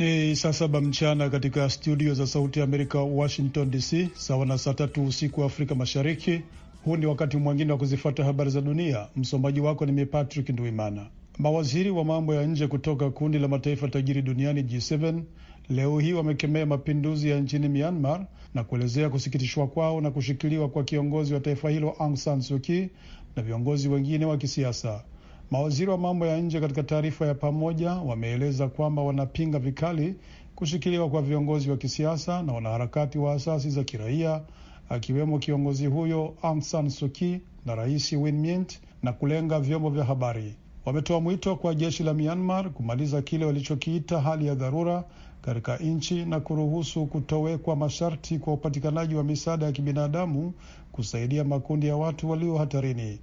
Ni saa saba mchana katika studio za Sauti ya Amerika, Washington DC, sawa na saa tatu usiku wa Afrika Mashariki. Huu ni wakati mwingine wa kuzifata habari za dunia. Msomaji wako ni mipatrick Patrick Nduimana. Mawaziri wa mambo ya nje kutoka kundi la mataifa tajiri duniani G7 leo hii wamekemea mapinduzi ya nchini Myanmar na kuelezea kusikitishwa kwao na kushikiliwa kwa kiongozi wa taifa hilo ang San suki na viongozi wengine wa kisiasa. Mawaziri wa mambo ya nje katika taarifa ya pamoja wameeleza kwamba wanapinga vikali kushikiliwa kwa viongozi wa kisiasa na wanaharakati wa asasi za kiraia akiwemo kiongozi huyo Aung San Suu Kyi na rais Win Myint na kulenga vyombo vya habari. Wametoa mwito kwa jeshi la Myanmar kumaliza kile walichokiita hali ya dharura katika nchi na kuruhusu kutowekwa masharti kwa upatikanaji wa misaada ya kibinadamu kusaidia makundi ya watu walio hatarini.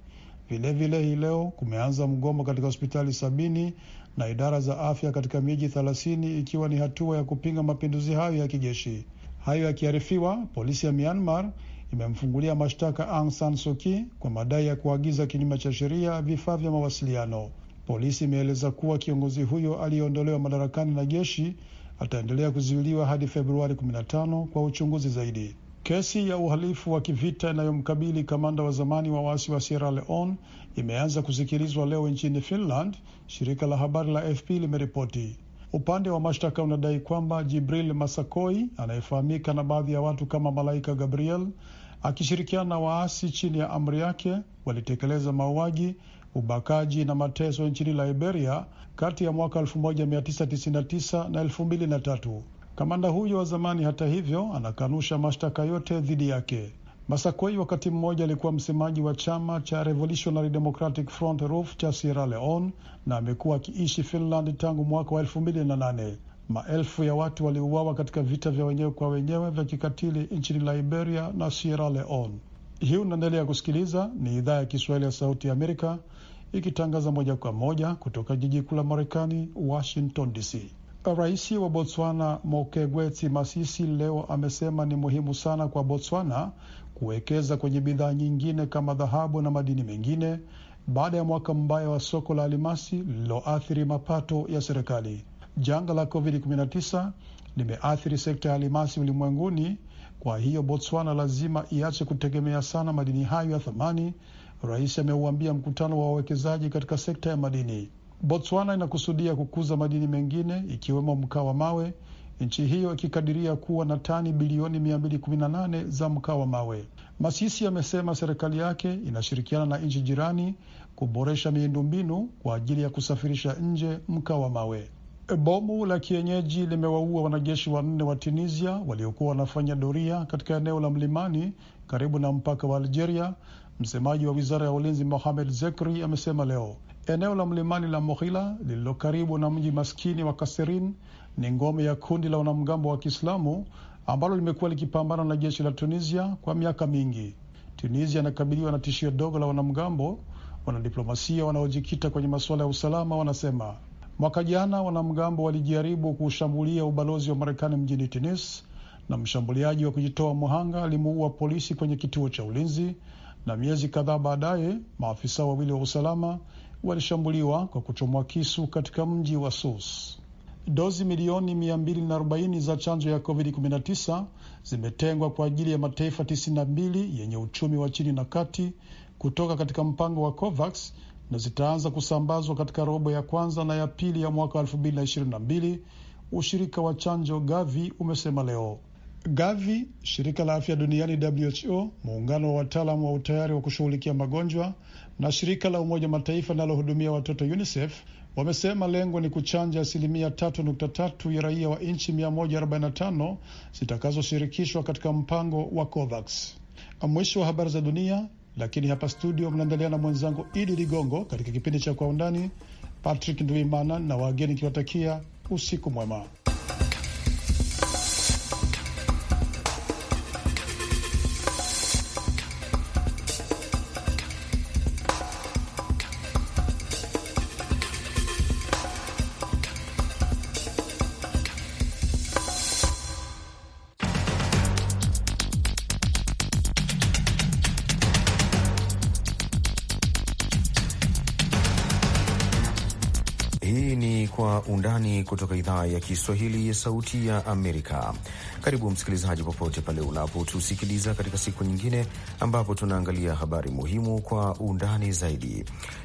Vilevile hii leo kumeanza mgomo katika hospitali sabini na idara za afya katika miji thelathini ikiwa ni hatua ya kupinga mapinduzi hayo ya kijeshi. Hayo yakiarifiwa, polisi ya Myanmar imemfungulia mashtaka Aung San Suu Kyi kwa madai ya kuagiza kinyume cha sheria vifaa vya mawasiliano. Polisi imeeleza kuwa kiongozi huyo aliyeondolewa madarakani na jeshi ataendelea kuzuiliwa hadi Februari 15 kwa uchunguzi zaidi. Kesi ya uhalifu wa kivita inayomkabili kamanda wa zamani wa waasi wa Sierra Leone imeanza kusikilizwa leo nchini Finland, shirika la habari la fp limeripoti. Upande wa mashtaka unadai kwamba Jibril Masakoi anayefahamika na baadhi ya watu kama Malaika Gabriel akishirikiana na waasi chini ya amri yake walitekeleza mauaji, ubakaji na mateso nchini Liberia kati ya mwaka 1999 na 2003. Kamanda huyo wa zamani, hata hivyo, anakanusha mashtaka yote dhidi yake. Masakoi wakati mmoja alikuwa msemaji wa chama cha Revolutionary Democratic Front RUF cha Sierra Leone na amekuwa akiishi Finland tangu mwaka wa elfu mbili na nane. Maelfu ya watu waliuawa katika vita vya wenyewe kwa wenyewe vya kikatili nchini Liberia na Sierra Leone. Hii unaendelea kusikiliza, ni idhaa ya Kiswahili ya Sauti ya Amerika ikitangaza moja kwa moja kutoka jiji kuu la Marekani, Washington DC. Rais wa Botswana mokegweti Masisi leo amesema ni muhimu sana kwa Botswana kuwekeza kwenye bidhaa nyingine kama dhahabu na madini mengine baada ya mwaka mbaya wa soko la alimasi lililoathiri mapato ya serikali. Janga la COVID-19 limeathiri sekta ya alimasi ulimwenguni, kwa hiyo Botswana lazima iache kutegemea sana madini hayo ya thamani, rais ameuambia mkutano wa wawekezaji katika sekta ya madini. Botswana inakusudia kukuza madini mengine ikiwemo mkaa wa mawe, nchi hiyo ikikadiria kuwa na tani bilioni 218 za mkaa wa mawe. Masisi amesema serikali yake inashirikiana na nchi jirani kuboresha miundombinu kwa ajili ya kusafirisha nje mkaa wa mawe. Bomu la kienyeji limewaua wanajeshi wanne wa Tunisia waliokuwa wanafanya doria katika eneo la mlimani karibu na mpaka wa Algeria. Msemaji wa wizara ya ulinzi Mohamed Zekri amesema leo Eneo la mlimani la Mohila lililo karibu na mji maskini wa Kaserin ni ngome ya kundi la wanamgambo wa Kiislamu ambalo limekuwa likipambana na jeshi la Tunisia kwa miaka mingi. Tunisia inakabiliwa na tishio dogo la wanamgambo. Wanadiplomasia wanaojikita kwenye masuala ya usalama wanasema mwaka jana wanamgambo walijaribu kuushambulia ubalozi wa Marekani mjini Tunis, na mshambuliaji wa kujitoa muhanga alimuua polisi kwenye kituo cha ulinzi, na miezi kadhaa baadaye maafisa wawili wa usalama walishambuliwa kwa kuchomwa kisu katika mji wa Sus. Dozi milioni 240 za chanjo ya COVID-19 zimetengwa kwa ajili ya mataifa 92 yenye uchumi wa chini na kati kutoka katika mpango wa COVAX na zitaanza kusambazwa katika robo ya kwanza na ya pili ya mwaka 2022, ushirika wa chanjo Gavi umesema leo. Gavi, shirika la afya duniani WHO, muungano wa wataalamu wa utayari wa kushughulikia magonjwa na shirika la Umoja Mataifa linalohudumia watoto UNICEF wamesema lengo ni kuchanja asilimia 3.3 ya raia wa nchi 145 zitakazoshirikishwa katika mpango wa COVAX. Mwisho wa habari za dunia, lakini hapa studio mnaendelea na mwenzangu Idi Ligongo katika kipindi cha Kwa Undani. Patrick Ndwimana na wageni kiwatakia usiku mwema. kutoka idhaa ya Kiswahili ya Sauti ya Amerika. Karibu msikilizaji, popote pale unapotusikiliza katika siku nyingine ambapo tunaangalia habari muhimu kwa undani zaidi.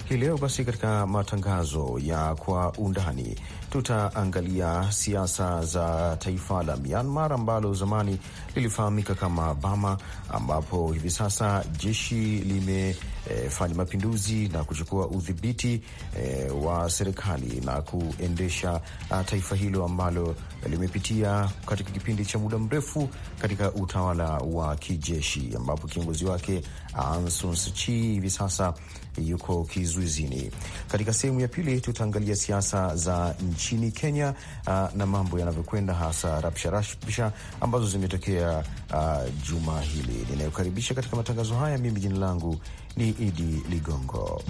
Hii leo basi, katika matangazo ya kwa undani tutaangalia siasa za taifa la Myanmar ambalo zamani lilifahamika kama Bama, ambapo hivi sasa jeshi limefanya e, mapinduzi na kuchukua udhibiti e, wa serikali na kuendesha ah, taifa hilo ambalo limepitia katika kipindi cha muda mrefu katika utawala wa kijeshi, ambapo kiongozi wake Aung ah San Suu Kyi hivi sasa yuko kizuizini. Katika sehemu ya pili tutaangalia siasa za nchini Kenya uh, na mambo yanavyokwenda, hasa rapsha rapsha ambazo zimetokea uh, juma hili. Ninayokaribisha katika matangazo haya, mimi jina langu ni Idi Ligongo.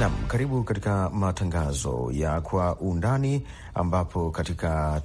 Nam, karibu katika matangazo ya kwa undani ambapo katika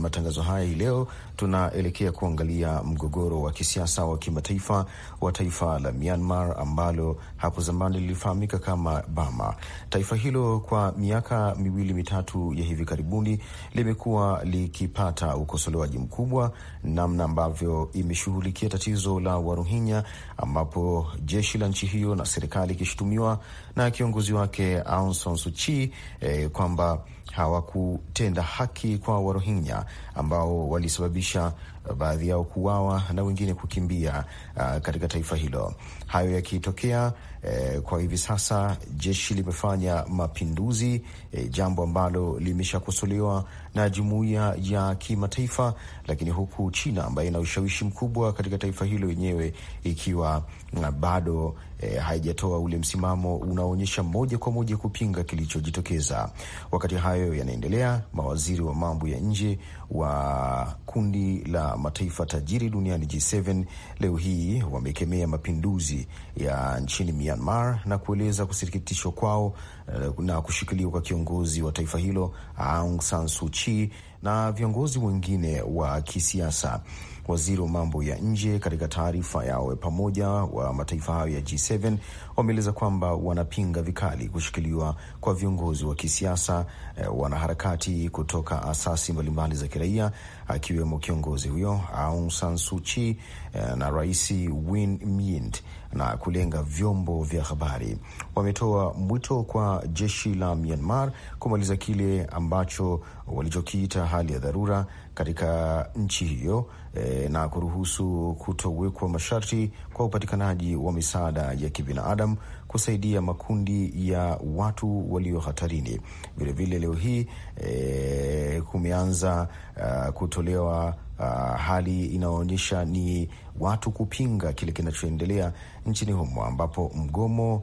matangazo haya hii leo tunaelekea kuangalia mgogoro wa kisiasa wa kimataifa wa taifa la Myanmar ambalo hapo zamani lilifahamika kama bama Taifa hilo kwa miaka miwili mitatu ya hivi karibuni limekuwa likipata ukosolewaji mkubwa namna ambavyo imeshughulikia tatizo la Warohinya, ambapo jeshi la nchi hiyo na serikali ikishutumiwa na kiongozi wake Aung San Suu Kyi eh, kwamba hawakutenda haki kwa Warohingya ambao walisababisha uh, baadhi yao kuuawa na wengine kukimbia uh, katika taifa hilo. Hayo yakitokea eh, kwa hivi sasa jeshi limefanya mapinduzi eh, jambo ambalo limeshakosolewa na jumuiya ya kimataifa, lakini huku China ambayo ina ushawishi mkubwa katika taifa hilo yenyewe ikiwa uh, bado e, haijatoa ule msimamo unaoonyesha moja kwa moja kupinga kilichojitokeza. Wakati hayo yanaendelea, mawaziri wa mambo ya nje wa kundi la mataifa tajiri duniani G7 leo hii wamekemea mapinduzi ya nchini Myanmar na kueleza kusikitishwa kwao uh, na kushikiliwa kwa kiongozi wa taifa hilo Aung San Suu Kyi nchi na viongozi wengine wa kisiasa. Waziri wa mambo ya nje katika taarifa yao pamoja wa mataifa hayo ya G7 wameeleza kwamba wanapinga vikali kushikiliwa kwa viongozi wa kisiasa, eh, wanaharakati kutoka asasi mbalimbali za kiraia, akiwemo kiongozi huyo Aung San Suu Kyi, eh, na Rais Win Myint na kulenga vyombo vya habari. Wametoa mwito kwa jeshi la Myanmar kumaliza kile ambacho walichokiita hali ya dharura katika nchi hiyo e, na kuruhusu kutowekwa masharti kwa upatikanaji wa misaada ya kibinadamu kusaidia makundi ya watu walio hatarini. Vilevile leo hii e, kumeanza uh, kutolewa Uh, hali inayoonyesha ni watu kupinga kile kinachoendelea nchini humo ambapo mgomo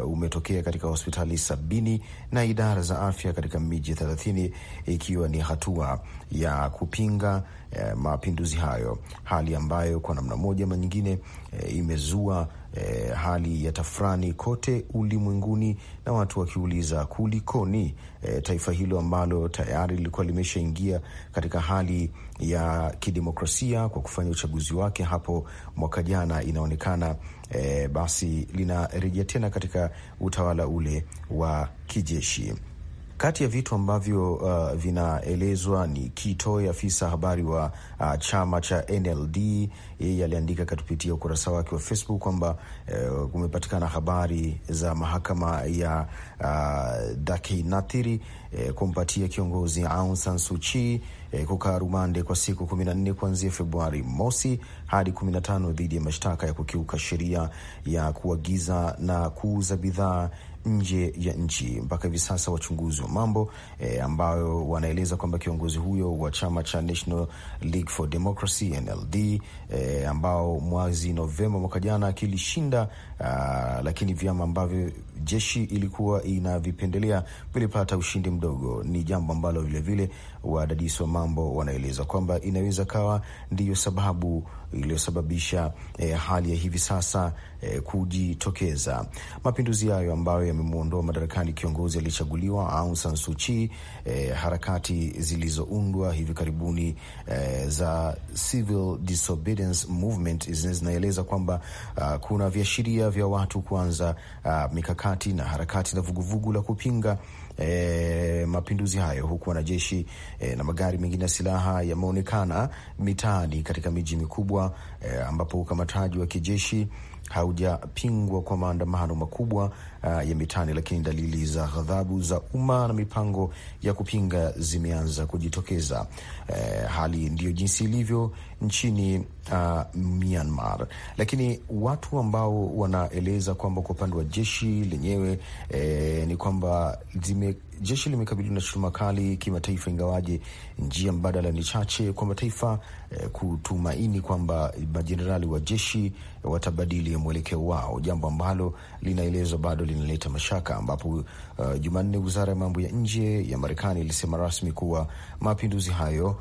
uh, umetokea katika hospitali sabini na idara za afya katika miji thelathini ikiwa ni hatua ya kupinga uh, mapinduzi hayo, hali ambayo kwa namna moja ama nyingine uh, imezua e, hali ya tafrani kote ulimwenguni na watu wakiuliza kulikoni, e, taifa hilo ambalo tayari lilikuwa limeshaingia katika hali ya kidemokrasia kwa kufanya uchaguzi wake hapo mwaka jana, inaonekana e, basi linarejea tena katika utawala ule wa kijeshi. Kati ya vitu ambavyo uh, vinaelezwa ni kitoe afisa habari wa uh, chama cha NLD, yeye aliandika kupitia ukurasa wake wa Facebook kwamba uh, kumepatikana habari za mahakama ya uh, Dakinathiri uh, kumpatia kiongozi Aung San Suu Kyi uh, kukaa rumande kwa siku nne kuanzia Februari mosi hadi tano dhidi ya mashtaka ya kukiuka sheria ya kuagiza na kuuza bidhaa nje ya nchi. Mpaka hivi sasa wachunguzi wa mambo e, ambayo wanaeleza kwamba kiongozi huyo wa chama cha National League for Democracy NLD, e, eh, ambao mwezi Novemba mwaka jana kilishinda, ah, lakini vyama ambavyo jeshi ilikuwa inavipendelea vilipata ushindi mdogo. Ni jambo ambalo vilevile wadadisi wa mambo wanaeleza kwamba inaweza kawa ndiyo sababu iliyosababisha eh, hali ya hivi sasa eh, kujitokeza mapinduzi hayo ambayo yamemwondoa madarakani kiongozi aliyechaguliwa Aung San Suu Kyi. Eh, harakati zilizoundwa hivi karibuni eh, za civil disobedience movement zinaeleza kwamba uh, kuna viashiria vya watu kuanza uh, mikakati kati na harakati za vuguvugu la kupinga e, mapinduzi hayo, huku wanajeshi e, na magari mengine ya silaha yameonekana mitaani katika miji mikubwa e, ambapo ukamataji wa kijeshi haujapingwa kwa maandamano makubwa uh, ya mitaani, lakini dalili za ghadhabu za umma na mipango ya kupinga zimeanza kujitokeza. Uh, hali ndiyo jinsi ilivyo nchini uh, Myanmar, lakini watu ambao wanaeleza kwamba kwa upande wa jeshi lenyewe eh, ni kwamba zime jeshi limekabiliwa na shutuma kali kimataifa, ingawaje njia mbadala ni chache kwa mataifa eh, kutumaini kwamba majenerali wa jeshi watabadili mwelekeo wao, jambo ambalo linaelezwa bado linaleta mashaka, ambapo uh, Jumanne wizara ya mambo ya nje ya Marekani ilisema rasmi kuwa mapinduzi hayo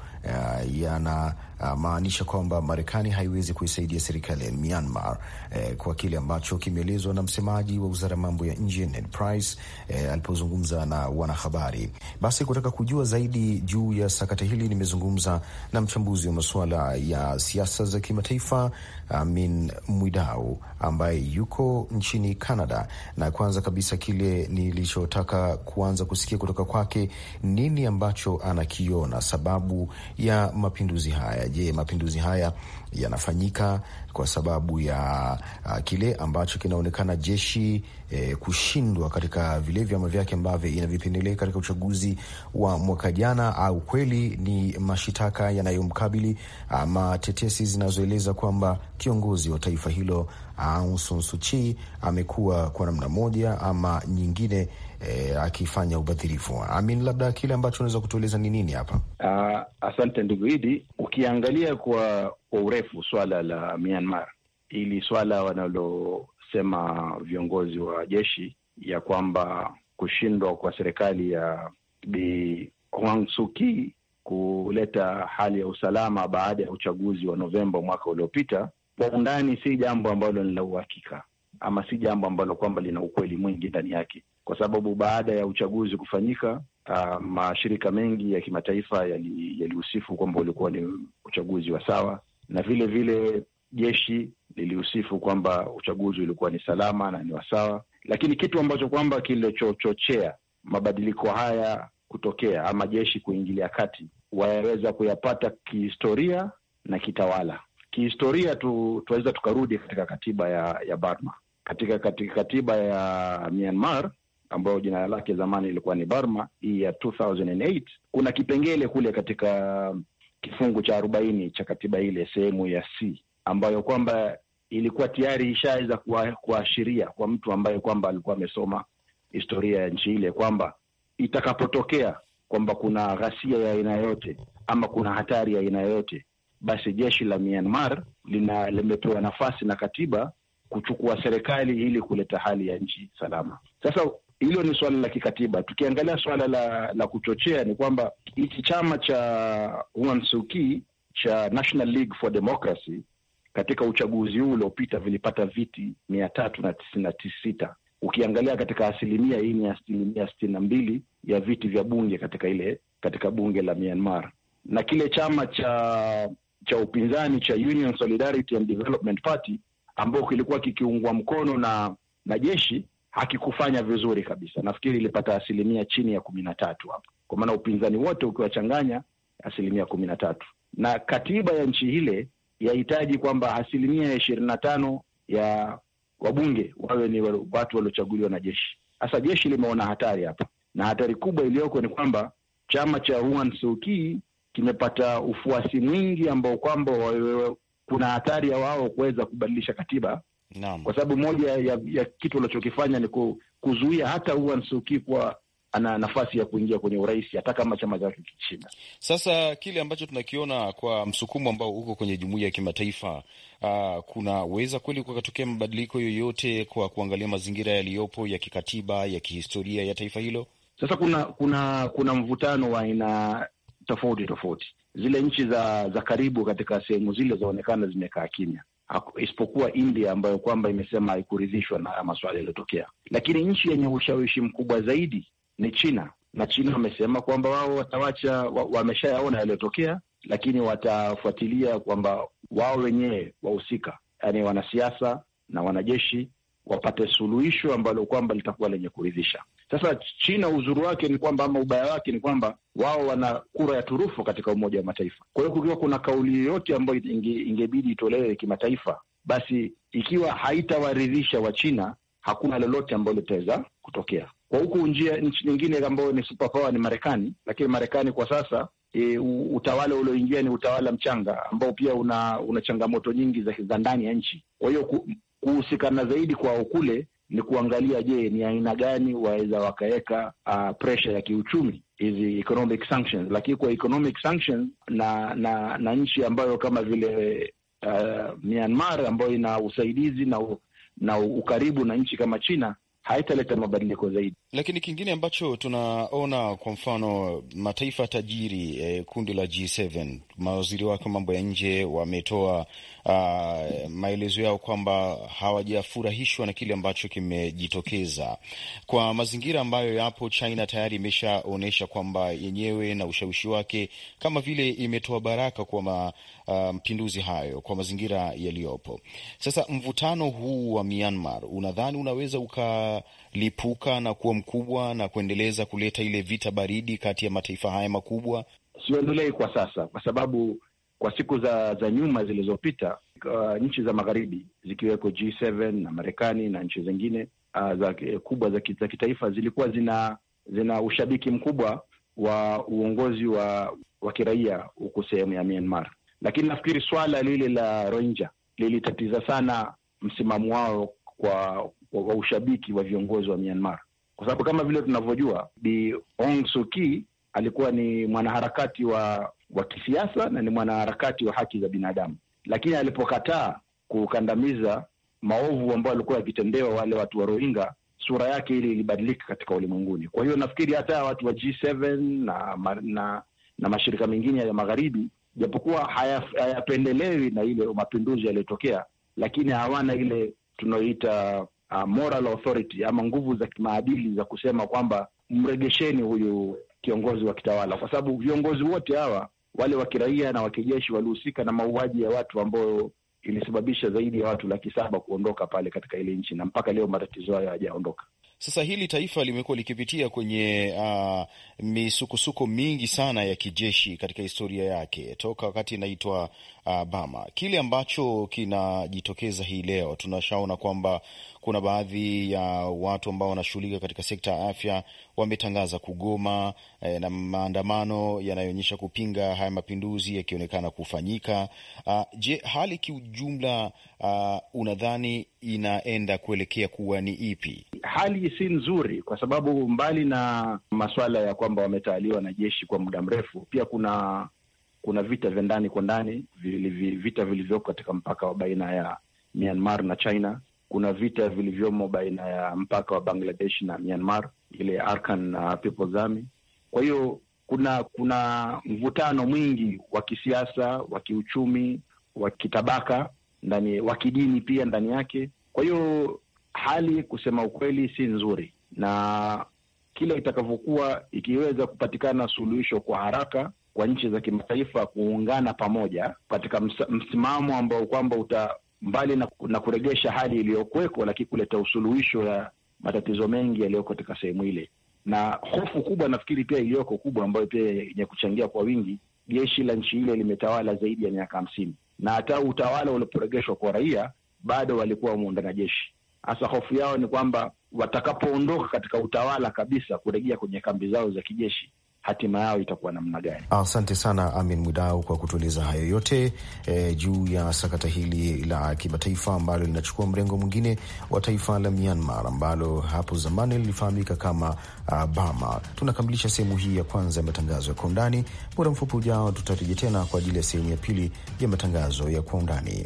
uh, yana Ah, maanisha kwamba Marekani haiwezi kuisaidia serikali ya Myanmar e, kwa kile ambacho kimeelezwa na msemaji wa wizara ya mambo ya nje Ned Price e, alipozungumza na wanahabari. Basi kutaka kujua zaidi juu ya sakata hili, nimezungumza na mchambuzi wa masuala ya siasa za kimataifa Amin Mwidau ambaye yuko nchini Canada, na kwanza kabisa kile nilichotaka kuanza kusikia kutoka kwake, nini ambacho anakiona sababu ya mapinduzi haya Je, mapinduzi haya yanafanyika kwa sababu ya uh, kile ambacho kinaonekana jeshi eh, kushindwa katika vile vyama vyake ambavyo inavipendelea katika uchaguzi wa mwaka jana, au kweli ni mashitaka yanayomkabili ama uh, tetesi zinazoeleza kwamba kiongozi wa taifa hilo uh, Aung San Suu Kyi amekuwa kwa namna moja ama nyingine E, akifanya ubadhirifu. Amin, labda kile ambacho unaweza kutueleza ni nini hapa? Uh, asante ndugu Idi ukiangalia kwa kwa urefu swala la Myanmar, ili swala wanalosema viongozi wa jeshi ya kwamba kushindwa kwa serikali ya Bi Aung Suu Kyi kuleta hali ya usalama baada ya uchaguzi wa Novemba mwaka uliopita, kwa undani si jambo ambalo ni la uhakika ama si jambo ambalo kwamba lina ukweli mwingi ndani yake, kwa sababu baada ya uchaguzi kufanyika Uh, mashirika mengi ya kimataifa yalihusifu yali kwamba ulikuwa ni uchaguzi wa sawa, na vile vile jeshi lilihusifu kwamba uchaguzi ulikuwa ni salama na ni wa sawa. Lakini kitu ambacho kwamba kilichochochea mabadiliko haya kutokea ama jeshi kuingilia kati wayaweza kuyapata kihistoria na kitawala. Kihistoria tu, tunaweza tukarudi katika katiba ya ya Burma. Katika, katika katiba ya Myanmar ambayo jina lake zamani ilikuwa ni Burma hii ya 2008 kuna kipengele kule katika kifungu cha arobaini cha katiba ile sehemu ya C ambayo kwamba ilikuwa tayari ishaweza kuashiria kwa mtu ambaye kwamba alikuwa amesoma historia ya nchi ile kwamba itakapotokea kwamba kuna ghasia ya aina yoyote ama kuna hatari ya aina yoyote, basi jeshi la Myanmar lina limepewa nafasi na katiba kuchukua serikali ili kuleta hali ya nchi salama. Sasa hilo ni swala la kikatiba. Tukiangalia swala la la kuchochea, ni kwamba hichi chama cha Wansuki cha National League for Democracy katika uchaguzi huu uliopita vilipata viti mia tatu na tisini na sita ukiangalia katika asilimia hii ni asilimia sitini na mbili ya viti vya bunge katika ile katika bunge la Myanmar, na kile chama cha cha upinzani cha Union Solidarity and Development Party ambao kilikuwa kikiungwa mkono na na jeshi akikufanya vizuri kabisa. Nafikiri ilipata asilimia chini ya kumi na tatu hapo, kwa maana upinzani wote ukiwachanganya asilimia kumi na tatu na katiba ya nchi ile yahitaji kwamba asilimia ishirini na tano ya wabunge wawe ni watu waliochaguliwa na jeshi. Sasa jeshi limeona hatari hapa, na hatari kubwa iliyoko ni kwamba chama cha Huan kimepata ufuasi mwingi ambao kwamba kuna hatari ya wao kuweza kubadilisha katiba Naam. Kwa sababu moja ya, ya kitu anachokifanya ni kuzuia hata huwa nsuki kuwa ana nafasi ya kuingia kwenye urais hata kama chama chake kishinda. Sasa kile ambacho tunakiona kwa msukumo ambao uko kwenye jumuiya ya kimataifa uh, kunaweza kweli kukatokea mabadiliko yoyote kwa kuangalia mazingira yaliyopo ya kikatiba, ya kihistoria ya taifa hilo. Sasa kuna kuna kuna mvutano wa aina tofauti tofauti. Zile nchi za za karibu katika sehemu zile zaonekana zimekaa kimya, isipokuwa India ambayo kwamba imesema haikuridhishwa na haya maswali yaliyotokea. Lakini nchi yenye ushawishi mkubwa zaidi ni China, na China wamesema kwamba wao watawacha, wameshayaona wa yaliyotokea, lakini watafuatilia kwamba wao wenyewe wahusika, yaani wanasiasa na wanajeshi wapate suluhisho ambalo kwamba litakuwa lenye kuridhisha. Sasa China uzuri wake ni kwamba ama ubaya wake ni kwamba wao wana kura ya turufu katika Umoja wa Mataifa. Kwa hiyo kukiwa kuna kauli yoyote ambayo inge, ingebidi itolewe kimataifa, basi ikiwa haitawaridhisha china hakuna lolote ambalo litaweza kutokea kwa huku. Njia nchi nyingine ambayo ni superpower ni Marekani, lakini Marekani kwa sasa e, utawala ulioingia ni utawala mchanga ambao pia una, una changamoto nyingi za ndani ya nchi. Kwa hiyo kuhusikana zaidi kwao kule ni kuangalia, je, ni aina gani waweza wakaweka uh, presha ya kiuchumi hizi economic sanctions. Lakini kwa economic sanctions na na na nchi ambayo kama vile uh, Myanmar ambayo ina usaidizi na na ukaribu na nchi kama China haitaleta mabadiliko zaidi. Lakini kingine ambacho tunaona kwa mfano mataifa tajiri eh, kundi la G7 mawaziri wake wa mambo ya nje wametoa uh, maelezo yao kwamba hawajafurahishwa na kile ambacho kimejitokeza kwa mazingira ambayo yapo. China tayari imeshaonyesha kwamba yenyewe na ushawishi wake kama vile imetoa baraka kwa mapinduzi uh, hayo kwa mazingira yaliyopo sasa. Mvutano huu wa Myanmar unadhani unaweza ukalipuka na kuwa mkubwa na kuendeleza kuleta ile vita baridi kati ya mataifa haya makubwa? Siuendelei kwa sasa, kwa sababu kwa siku za za nyuma zilizopita, uh, nchi za magharibi zikiweko G7 na Marekani na nchi zingine uh, za eh, kubwa za, za kitaifa zilikuwa zina zina ushabiki mkubwa wa uongozi wa wa kiraia huku sehemu ya Myanmar, lakini nafikiri swala lile la Rohingya lilitatiza sana msimamo wao kwa wa ushabiki wa viongozi wa Myanmar, kwa sababu kama vile tunavyojua Bi Aung Suu Kyi alikuwa ni mwanaharakati wa wa kisiasa na ni mwanaharakati wa haki za binadamu, lakini alipokataa kukandamiza maovu ambayo alikuwa yakitendewa wale watu wa Rohingya, sura yake ili ilibadilika katika ulimwenguni. Kwa hiyo nafikiri hata watu wa G7 na, na, na mashirika mengine ya magharibi japokuwa hayapendelewi na ile mapinduzi yaliyotokea, lakini hawana ile tunaoita uh, moral authority ama nguvu za kimaadili za kusema kwamba mregesheni huyu kiongozi wa kitawala, kwa sababu viongozi wote hawa wale wa kiraia na wakijeshi walihusika na mauaji ya watu ambayo ilisababisha zaidi ya watu laki saba kuondoka pale katika ile nchi, na mpaka leo matatizo hayo hayajaondoka. Sasa hili taifa limekuwa likipitia kwenye uh, misukosuko mingi sana ya kijeshi katika historia yake toka wakati inaitwa Uh, Bama. Kile ambacho kinajitokeza hii leo, tunashaona kwamba kuna baadhi ya watu ambao wanashughulika katika sekta ya afya wametangaza kugoma eh, na maandamano yanayoonyesha kupinga haya mapinduzi yakionekana kufanyika. Uh, je, hali kiujumla, uh, unadhani inaenda kuelekea kuwa ni ipi? Hali si nzuri, kwa sababu mbali na masuala ya kwamba wametawaliwa na jeshi kwa muda mrefu, pia kuna kuna vita vya ndani kwa ndani, vita vilivyoko katika mpaka wa baina ya Myanmar na China. Kuna vita vilivyomo baina ya mpaka wa Bangladesh na Myanmar, ile arkan na People's Army. Kwa hiyo kuna kuna mvutano mwingi wa kisiasa, wa kiuchumi, wa kitabaka ndani, wa kidini pia ndani yake. Kwa hiyo hali kusema ukweli si nzuri, na kila itakavyokuwa ikiweza kupatikana suluhisho kwa haraka kwa nchi za kimataifa kuungana pamoja katika msimamo ambao kwamba uta mbali na, na kuregesha hali iliyokuweko, lakini kuleta usuluhisho ya matatizo mengi yaliyoko katika sehemu ile, na hofu kubwa nafikiri pia iliyoko kubwa, ambayo pia yenye kuchangia kwa wingi, jeshi la nchi ile limetawala zaidi ya miaka hamsini na hata utawala uliporegeshwa kwa raia bado walikuwa wameundana jeshi. Hasa hofu yao ni kwamba watakapoondoka katika utawala kabisa kurejea kwenye kambi zao za kijeshi, hatima yao itakuwa namna gani? Asante sana Amin Mwidau kwa kutueleza hayo yote e, juu ya sakata hili la kimataifa ambalo linachukua mrengo mwingine wa taifa la Myanmar ambalo hapo zamani lilifahamika kama uh, ah, Bama. Tunakamilisha sehemu hii ya kwanza ya matangazo ya kwa undani. Muda mfupi ujao tutarejea tena kwa ajili ya sehemu ya pili ya matangazo ya kwa undani.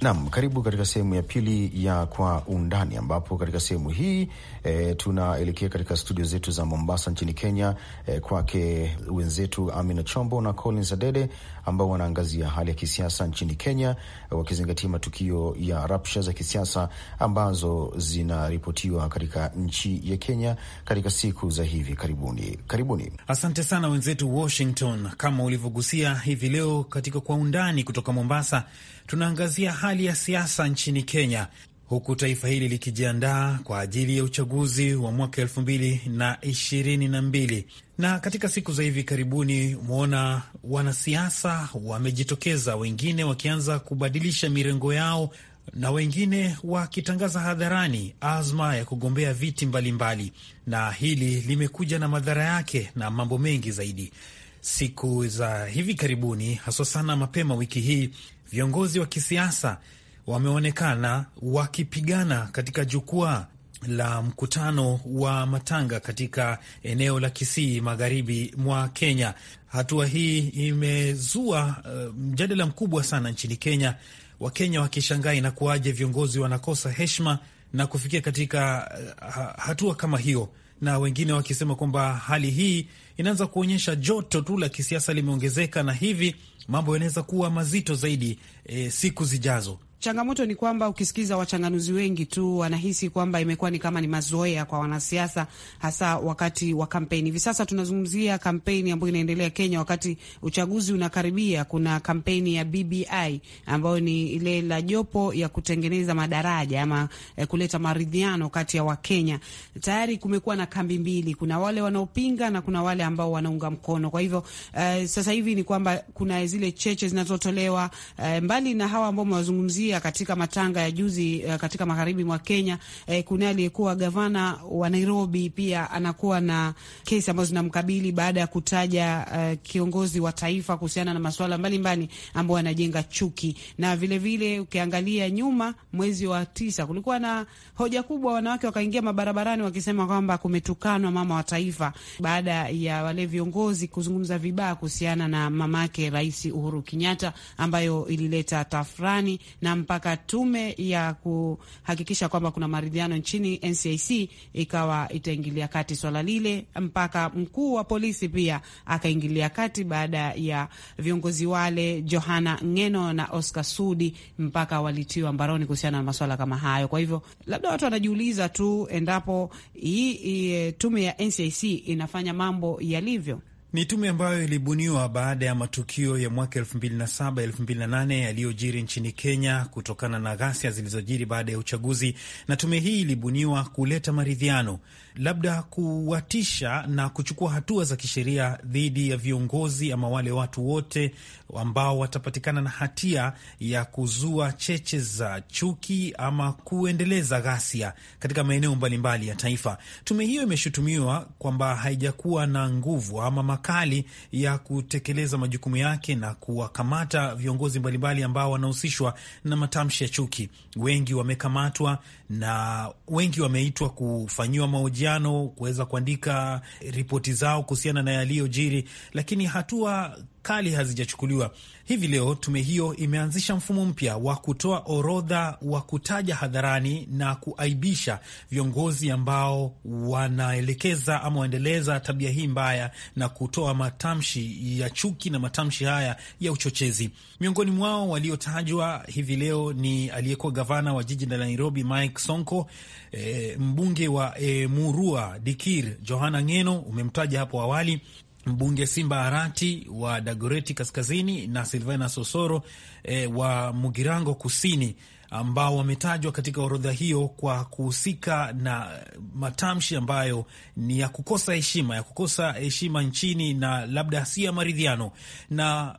Naam, karibu katika sehemu ya pili ya Kwa Undani, ambapo katika sehemu hii e, tunaelekea katika studio zetu za Mombasa nchini Kenya, e, kwake wenzetu Amina Chombo na Collins Adede ambao wanaangazia hali ya kisiasa nchini Kenya, wakizingatia matukio ya rapsha za kisiasa ambazo zinaripotiwa katika nchi ya Kenya katika siku za hivi karibuni. Karibuni. Asante sana wenzetu Washington. Kama ulivyogusia hivi leo katika Kwa Undani kutoka Mombasa tunaangazia hali ya siasa nchini Kenya, huku taifa hili likijiandaa kwa ajili ya uchaguzi wa mwaka elfu mbili na ishirini na mbili na katika siku za hivi karibuni umeona wanasiasa wamejitokeza, wengine wakianza kubadilisha mirengo yao na wengine wakitangaza hadharani azma ya kugombea viti mbalimbali mbali. Na hili limekuja na madhara yake na mambo mengi zaidi siku za hivi karibuni, haswa sana mapema wiki hii viongozi wa kisiasa wameonekana wakipigana katika jukwaa la mkutano wa matanga katika eneo la Kisii magharibi mwa Kenya. Hatua hii imezua uh, mjadala mkubwa sana nchini Kenya, Wakenya wakishangaa inakuwaje viongozi wanakosa heshima na kufikia katika uh, hatua kama hiyo, na wengine wakisema kwamba hali hii inaanza kuonyesha joto tu la kisiasa limeongezeka, na hivi mambo yanaweza kuwa mazito zaidi e, siku zijazo. Changamoto ni kwamba ukisikiza wachanganuzi wengi tu wanahisi kwamba imekuwa ni kama ni mazoea kwa wanasiasa, hasa wakati wa kampeni. Hivi sasa tunazungumzia kampeni ambayo inaendelea Kenya, wakati uchaguzi unakaribia. Kuna kampeni ya BBI ambayo ni ile la jopo ya kutengeneza madaraja ama eh, kuleta maridhiano kati ya Wakenya. Tayari kumekuwa na kambi mbili, kuna wale wanaopinga na kuna wale ambao wanaunga mkono. Kwa hivyo eh, sasa hivi ni kwamba kuna zile cheche zinazotolewa eh, mbali na hawa ambao mewazungumzia pia katika matanga ya juzi uh, katika magharibi mwa Kenya eh, kuna aliyekuwa gavana wa Nairobi pia anakuwa na kesi ambazo zinamkabili baada ya kutaja uh, kiongozi wa taifa kuhusiana na masuala mbalimbali ambao anajenga chuki. Na vilevile vile ukiangalia nyuma, mwezi wa tisa kulikuwa na hoja kubwa, wanawake wakaingia mabarabarani wakisema kwamba kumetukanwa mama wa taifa baada ya wale viongozi kuzungumza vibaya kuhusiana na mamake Rais Uhuru Kenyatta, ambayo ilileta tafrani na mpaka tume ya kuhakikisha kwamba kuna maridhiano nchini NCIC ikawa itaingilia kati swala lile, mpaka mkuu wa polisi pia akaingilia kati baada ya viongozi wale Johana Ngeno na Oscar Sudi mpaka walitiwa mbaroni kuhusiana na maswala kama hayo. Kwa hivyo labda watu wanajiuliza tu endapo hii eh, tume ya NCIC inafanya mambo yalivyo. Ni tume ambayo ilibuniwa baada ya matukio ya mwaka 2007 2008 yaliyojiri nchini Kenya kutokana na ghasia zilizojiri baada ya uchaguzi, na tume hii ilibuniwa kuleta maridhiano labda kuwatisha na kuchukua hatua za kisheria dhidi ya viongozi ama wale watu wote ambao watapatikana na hatia ya kuzua cheche za chuki ama kuendeleza ghasia katika maeneo mbalimbali ya taifa. Tume hiyo imeshutumiwa kwamba haijakuwa na nguvu ama makali ya kutekeleza majukumu yake na kuwakamata viongozi mbalimbali ambao wanahusishwa na matamshi ya chuki. Wengi wamekamatwa na wengi wameitwa kufanyiwa mahojiano mahojiano, kuweza kuandika ripoti zao kuhusiana na yaliyojiri, lakini hatua kali hazijachukuliwa. Hivi leo tume hiyo imeanzisha mfumo mpya wa kutoa orodha wa kutaja hadharani na kuaibisha viongozi ambao wanaelekeza ama waendeleza tabia hii mbaya na kutoa matamshi ya chuki na matamshi haya ya uchochezi. Miongoni mwao waliotajwa hivi leo ni aliyekuwa gavana wa jiji la Nairobi Mike Sonko, e, mbunge wa e, Murua Dikir Johana Ngeno umemtaja hapo awali, Mbunge Simba Arati wa Dagoreti Kaskazini na Silvana Sosoro e, wa Mugirango Kusini ambao wametajwa katika orodha hiyo kwa kuhusika na matamshi ambayo ni ya kukosa heshima ya kukosa heshima nchini na labda si ya maridhiano. Na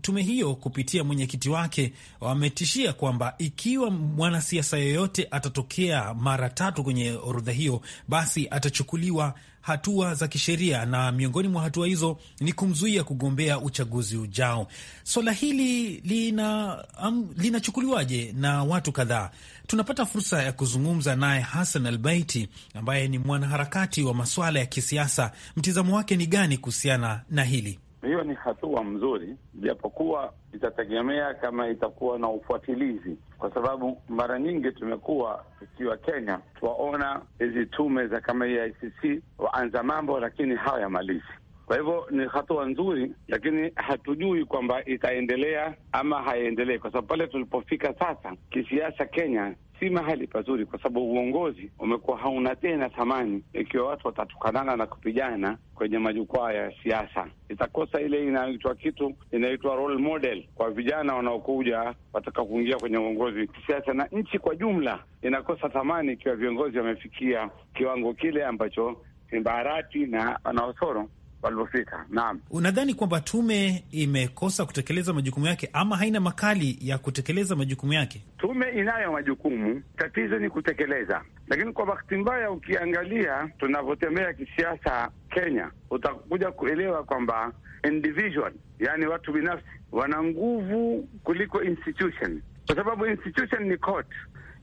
tume hiyo kupitia mwenyekiti wake wametishia kwamba ikiwa mwanasiasa yoyote atatokea mara tatu kwenye orodha hiyo, basi atachukuliwa hatua za kisheria, na miongoni mwa hatua hizo ni kumzuia kugombea uchaguzi ujao. Swala hili lina um, linachukuliwaje na watu kadhaa? Tunapata fursa ya kuzungumza naye Hassan Albaiti ambaye ni mwanaharakati wa maswala ya kisiasa. Mtizamo wake ni gani kuhusiana na hili? hiyo ni hatua mzuri, japokuwa itategemea kama itakuwa na ufuatilizi, kwa sababu mara nyingi tumekuwa tukiwa Kenya tuwaona hizi tume za kama hii waanza mambo, lakini hawayamalizi. Kwa hivyo ni hatua nzuri, lakini hatujui kwamba itaendelea ama haiendelei, kwa sababu pale tulipofika sasa kisiasa Kenya si mahali pazuri, kwa sababu uongozi umekuwa hauna tena thamani. Ikiwa watu watatukanana na kupigana kwenye majukwaa ya siasa, itakosa ile inaitwa kitu inaitwa role model kwa vijana wanaokuja wataka kuingia kwenye uongozi kisiasa, na nchi kwa jumla inakosa thamani ikiwa viongozi wamefikia kiwango kile ambacho ni na wanaosoro waliofika. Naam, unadhani kwamba tume imekosa kutekeleza majukumu yake ama haina makali ya kutekeleza majukumu yake? Tume inayo majukumu, tatizo ni kutekeleza. Lakini kwa bahati mbaya, ukiangalia tunavyotembea kisiasa Kenya, utakuja kuelewa kwamba individual, yani watu binafsi wana nguvu kuliko institution, kwa sababu institution ni court,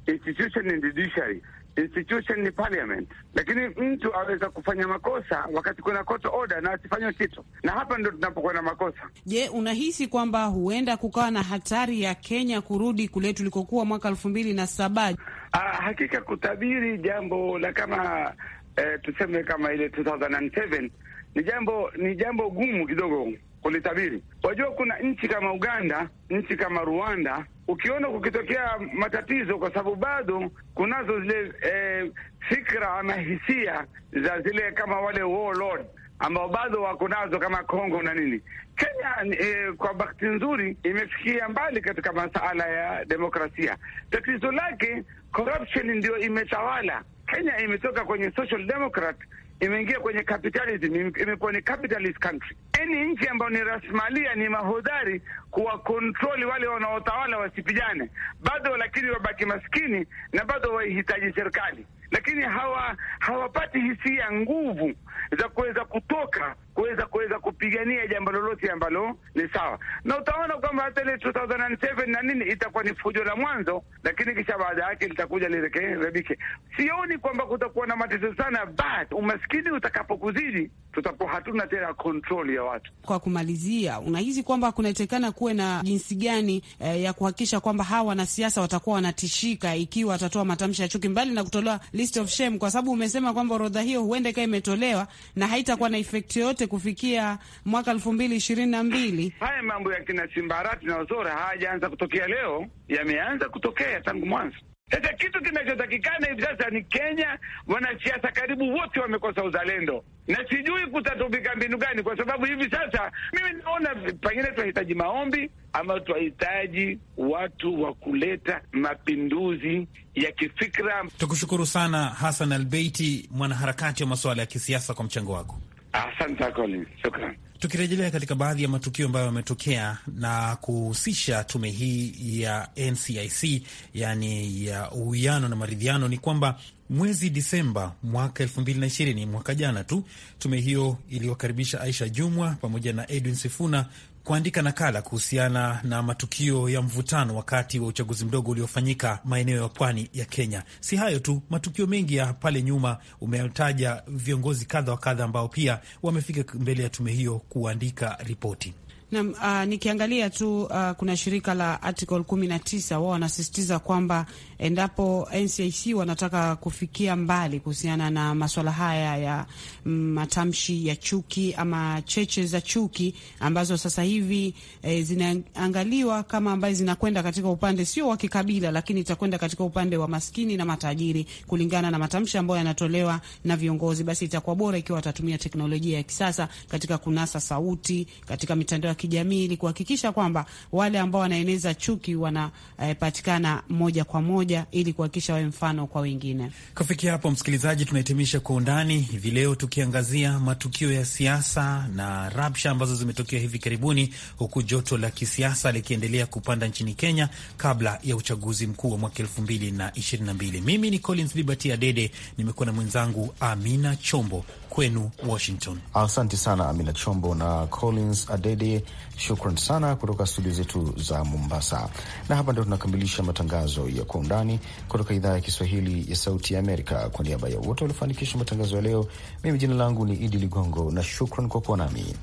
institution ni judiciary institution ni parliament, lakini mtu aweza kufanya makosa wakati kuna court order na asifanywe kitu, na hapa ndo tunapokuwa na makosa. Je, unahisi kwamba huenda kukawa na hatari ya Kenya kurudi kule tulikokuwa mwaka elfu mbili na saba? Ah, hakika kutabiri jambo la kama eh, tuseme kama ile 2007 ni jambo ni jambo gumu kidogo kulitabiri. Wajua, kuna nchi kama Uganda, nchi kama Rwanda ukiona kukitokea matatizo, kwa sababu bado kunazo zile eh, fikra ama hisia za zile kama wale warlord ambao bado wako nazo kama Kongo na nini. Kenya eh, kwa bahati nzuri imefikia mbali katika masala ya demokrasia. Tatizo lake corruption ndio imetawala Kenya. Imetoka kwenye social democrat imeingia kwenye capitalism, imekuwa ni capitalist country. Yani nchi ambayo ni rasimalia ni mahodhari kuwakontroli wale wanaotawala wasipijane bado, lakini wabaki maskini na bado waihitaji serikali, lakini hawa hawapati hisia nguvu za kuweza kutoka kuweza kuweza kupigania jambo lolote ambalo ni sawa, na utaona kwamba hata ile 2007 na nini itakuwa ni fujo la mwanzo, lakini kisha baada yake litakuja lirekebike. Sioni kwamba kutakuwa na matatizo sana, but umaskini utakapokuzidi tutakuwa hatuna tena control ya watu. Kwa kumalizia, unahisi kwamba kunahitekana kuwe na jinsi gani eh, ya kuhakikisha kwamba hawa wanasiasa watakuwa wanatishika ikiwa watatoa matamshi ya chuki, mbali na kutolewa list of shame? Kwa sababu umesema kwamba orodha hiyo huenda ikawa imetolewa na haitakuwa na effect yoyote kufikia mwaka elfu mbili ishirini na mbili. Haya mambo ya kina simbarati na ozora hayajaanza kutokea leo, yameanza kutokea tangu mwanzo. Sasa kitu kinachotakikana hivi sasa ni Kenya, wanasiasa karibu wote wamekosa uzalendo, na sijui kutatumika mbinu gani, kwa sababu hivi sasa mimi naona pengine tunahitaji maombi ama tunahitaji watu wa kuleta mapinduzi ya kifikra. Tukushukuru sana Hasan Albeiti, mwanaharakati wa masuala ya kisiasa kwa mchango wako. Asante sana shukran. Tukirejelea katika baadhi ya matukio ambayo yametokea na kuhusisha tume hii ya NCIC, yaani ya uwiano na maridhiano, ni kwamba mwezi Disemba mwaka elfu mbili na ishirini, mwaka jana tu, tume hiyo iliwakaribisha Aisha Jumwa pamoja na Edwin Sifuna kuandika nakala kuhusiana na matukio ya mvutano wakati wa uchaguzi mdogo uliofanyika maeneo ya pwani ya Kenya. Si hayo tu, matukio mengi ya pale nyuma umetaja viongozi kadha wa kadha ambao pia wamefika mbele ya tume hiyo kuandika ripoti. Na, uh, ah, nikiangalia tu uh, kuna shirika la Article 19 wao wanasisitiza kwamba endapo NCIC wanataka kufikia mbali kuhusiana na masuala haya ya mm, matamshi ya chuki ama cheche za chuki ambazo sasa hivi e, zinaangaliwa kama ambazo zinakwenda katika upande sio wa kikabila, lakini itakwenda katika upande wa maskini na matajiri, kulingana na matamshi ambayo yanatolewa na viongozi. Basi itakuwa bora ikiwa watatumia teknolojia ya kisasa katika kunasa sauti katika mitandao ya kijamii ili kuhakikisha kwamba wale ambao wanaeneza chuki wanapatikana e, moja kwa moja pamoja ili kuhakikisha wawe mfano kwa wengine. Kufikia hapo, msikilizaji, tunahitimisha Kwa Undani hivi leo tukiangazia matukio ya siasa na rabsha ambazo zimetokea hivi karibuni, huku joto la kisiasa likiendelea kupanda nchini Kenya kabla ya uchaguzi mkuu wa mwaka elfu mbili na ishirini na mbili. Mimi ni Collins Liberty Adede, nimekuwa na mwenzangu Amina Chombo kwenu Washington. Asante sana Amina Chombo na Collins Adede, shukran sana kutoka studio zetu za Mombasa. Na hapa ndio tunakamilisha matangazo ya Kwa Undani kutoka idhaa ya Kiswahili ya Sauti ya Amerika. Kwa niaba ya wote waliofanikisha matangazo ya leo, mimi jina langu ni Idi Ligongo na shukran kwa kuwa nami.